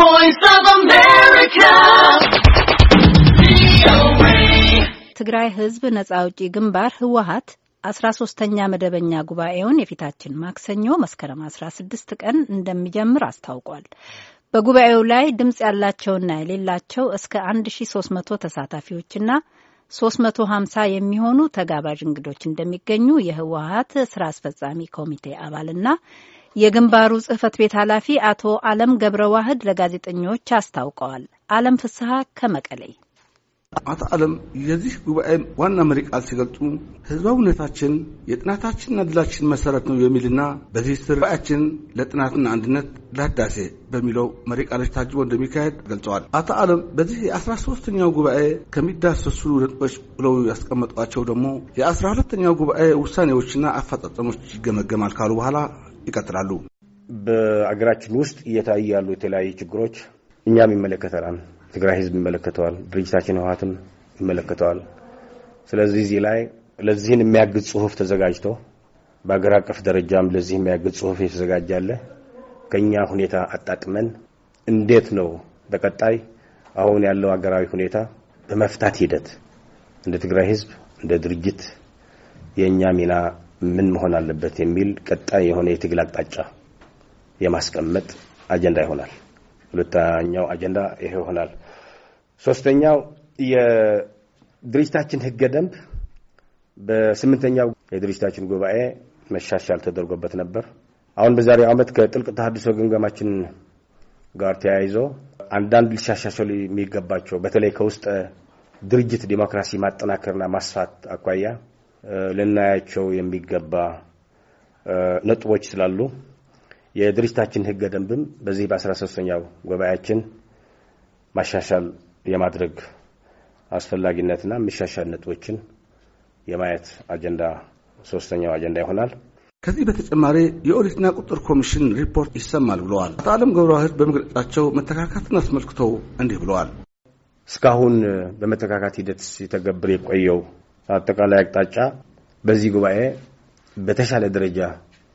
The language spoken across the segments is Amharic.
voice of America. ትግራይ ህዝብ ነጻ አውጪ ግንባር ህወሀት አስራ ሶስተኛ መደበኛ ጉባኤውን የፊታችን ማክሰኞ መስከረም 16 ስድስት ቀን እንደሚጀምር አስታውቋል። በጉባኤው ላይ ድምፅ ያላቸውና የሌላቸው እስከ 1300 ተሳታፊዎችና 350 የሚሆኑ ተጋባዥ እንግዶች እንደሚገኙ የህወሀት ስራ አስፈጻሚ ኮሚቴ አባልና የግንባሩ ጽህፈት ቤት ኃላፊ አቶ አለም ገብረ ዋህድ ለጋዜጠኞች አስታውቀዋል። አለም ፍስሐ ከመቀሌ አቶ አለም የዚህ ጉባኤ ዋና መሪ ቃል ሲገልጹ ህዝባዊነታችን የጥናታችንና ድላችን መሰረት ነው የሚልና በዚህ ስር ጉባኤያችን ለጥናትና አንድነት ለህዳሴ በሚለው መሪ ቃሎች ታጅቦ እንደሚካሄድ ገልጸዋል። አቶ አለም በዚህ የአስራ ሶስተኛው ጉባኤ ከሚዳሰሱ ነጥቦች ብለው ያስቀመጧቸው ደግሞ የአስራ ሁለተኛው ጉባኤ ውሳኔዎችና አፈጻጸሞች ይገመገማል ካሉ በኋላ ይቀጥላሉ። በአገራችን ውስጥ እየታዩ ያሉ የተለያዩ ችግሮች እኛም ይመለከተናል። ትግራይ ህዝብ ይመለከተዋል። ድርጅታችን ህወሓትም ይመለከተዋል። ስለዚህ እዚህ ላይ ለዚህን የሚያግዝ ጽሁፍ ተዘጋጅቶ በአገር አቀፍ ደረጃም ለዚህ የሚያግዝ ጽሁፍ የተዘጋጃለ ከኛ ሁኔታ አጣጥመን እንዴት ነው በቀጣይ አሁን ያለው አገራዊ ሁኔታ በመፍታት ሂደት እንደ ትግራይ ህዝብ እንደ ድርጅት የእኛ ሚና ምን መሆን አለበት የሚል ቀጣይ የሆነ የትግል አቅጣጫ የማስቀመጥ አጀንዳ ይሆናል። ሁለተኛው አጀንዳ ይሄ ይሆናል። ሶስተኛው የድርጅታችን ህገ ደንብ በስምንተኛው የድርጅታችን ጉባኤ መሻሻል ተደርጎበት ነበር። አሁን በዛሬው ዓመት ከጥልቅ ተሃድሶ ግምገማችን ጋር ተያይዞ አንዳንድ ሊሻሻሉ የሚገባቸው በተለይ ከውስጥ ድርጅት ዲሞክራሲ ማጠናከርና ማስፋት አኳያ ልናያቸው የሚገባ ነጥቦች ስላሉ የድርጅታችን ህገ ደንብም በዚህ በ13ኛው ጉባኤያችን ማሻሻል የማድረግ አስፈላጊነትና የሚሻሻል ነጥቦችን የማየት አጀንዳ ሶስተኛው አጀንዳ ይሆናል። ከዚህ በተጨማሪ የኦዲትና ቁጥጥር ኮሚሽን ሪፖርት ይሰማል ብለዋል። አቶ አለም ገብረዋህድ በመግለጫቸው መተካካትን አስመልክተው እንዲህ ብለዋል። እስካሁን በመተካካት ሂደት ሲተገብር የቆየው አጠቃላይ አቅጣጫ በዚህ ጉባኤ በተሻለ ደረጃ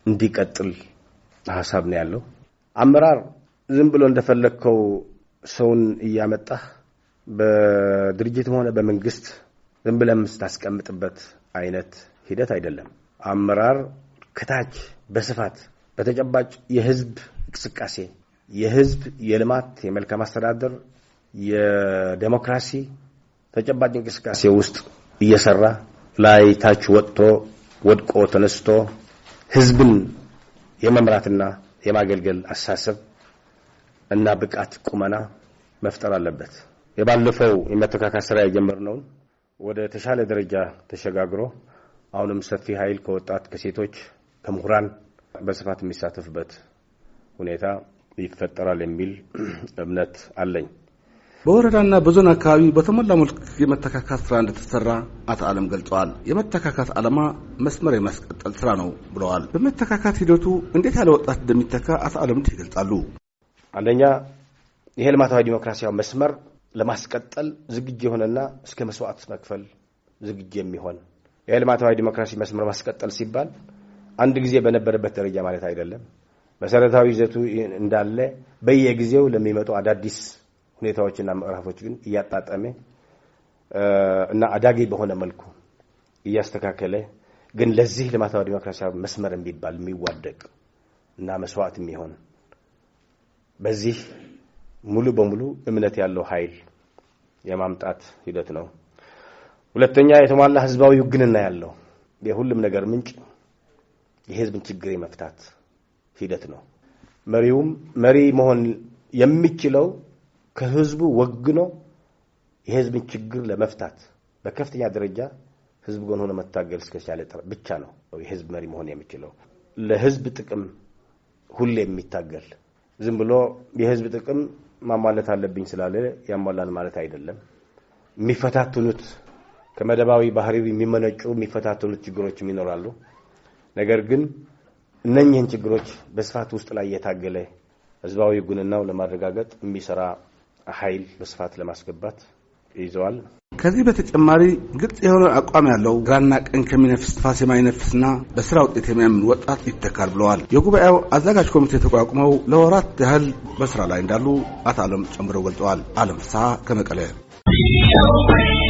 እንዲቀጥል ሀሳብ ነው ያለው። አመራር ዝም ብሎ እንደፈለግከው ሰውን እያመጣህ በድርጅትም ሆነ በመንግስት ዝም ብለህ የምታስቀምጥበት አይነት ሂደት አይደለም። አመራር ከታች በስፋት በተጨባጭ የህዝብ እንቅስቃሴ፣ የህዝብ የልማት፣ የመልካም አስተዳደር፣ የዴሞክራሲ ተጨባጭ እንቅስቃሴ ውስጥ እየሰራ ላይ ታች ወጥቶ ወድቆ ተነስቶ ህዝብን የመምራትና የማገልገል አሳሰብ እና ብቃት ቁመና መፍጠር አለበት። የባለፈው የመተካካት ስራ የጀመርነውን ወደ ተሻለ ደረጃ ተሸጋግሮ አሁንም ሰፊ ኃይል ከወጣት ከሴቶች፣ ከምሁራን በስፋት የሚሳተፍበት ሁኔታ ይፈጠራል የሚል እምነት አለኝ። በወረዳና በዞን አካባቢ በተሞላ መልክ የመተካካት ስራ እንደተሰራ አቶ አለም ገልጸዋል። የመተካካት ዓላማ መስመር የማስቀጠል ስራ ነው ብለዋል። በመተካካት ሂደቱ እንዴት ያለ ወጣት እንደሚተካ አቶ አለም እንዲህ ይገልጻሉ። አንደኛ ይሄ ልማታዊ ዲሞክራሲያዊ መስመር ለማስቀጠል ዝግጅ የሆነና እስከ መስዋዕት መክፈል ዝግጅ የሚሆን ይሄ ልማታዊ ዲሞክራሲ መስመር ማስቀጠል ሲባል አንድ ጊዜ በነበረበት ደረጃ ማለት አይደለም። መሰረታዊ ይዘቱ እንዳለ በየጊዜው ለሚመጡ አዳዲስ ሁኔታዎችና ምዕራፎች ግን እያጣጠመ እና አዳጊ በሆነ መልኩ እያስተካከለ ግን ለዚህ ልማታዊ ዲሞክራሲያዊ መስመር የሚባል የሚዋደቅ እና መስዋዕት የሚሆን በዚህ ሙሉ በሙሉ እምነት ያለው ኃይል የማምጣት ሂደት ነው። ሁለተኛ የተሟላ ህዝባዊ ውግንና ያለው የሁሉም ነገር ምንጭ የህዝብን ችግር የመፍታት ሂደት ነው። መሪውም መሪ መሆን የሚችለው ከህዝቡ ወግኖ የህዝብን ችግር ለመፍታት በከፍተኛ ደረጃ ህዝብ ጎን ሆኖ መታገል እስከቻለ ብቻ ነው የህዝብ መሪ መሆን የሚችለው። ለህዝብ ጥቅም ሁሌ የሚታገል ዝም ብሎ የህዝብ ጥቅም ማሟለት አለብኝ ስላለ ያሟላል ማለት አይደለም። የሚፈታትኑት ከመደባዊ ባህሪ የሚመነጩ የሚፈታትኑት ችግሮች ይኖራሉ። ነገር ግን እነኝህን ችግሮች በስፋት ውስጥ ላይ እየታገለ ህዝባዊ ጉንናው ለማረጋገጥ የሚሰራ ኃይል በስፋት ለማስገባት ይዘዋል። ከዚህ በተጨማሪ ግልጽ የሆነ አቋም ያለው ግራና ቀኝ ከሚነፍስ ነፋስ የማይነፍስና በስራ ውጤት የሚያምን ወጣት ይተካል ብለዋል። የጉባኤው አዘጋጅ ኮሚቴ ተቋቁመው ለወራት ያህል በስራ ላይ እንዳሉ አቶ አለም ጨምረው ገልጠዋል። አለም ፍስሐ ከመቀለ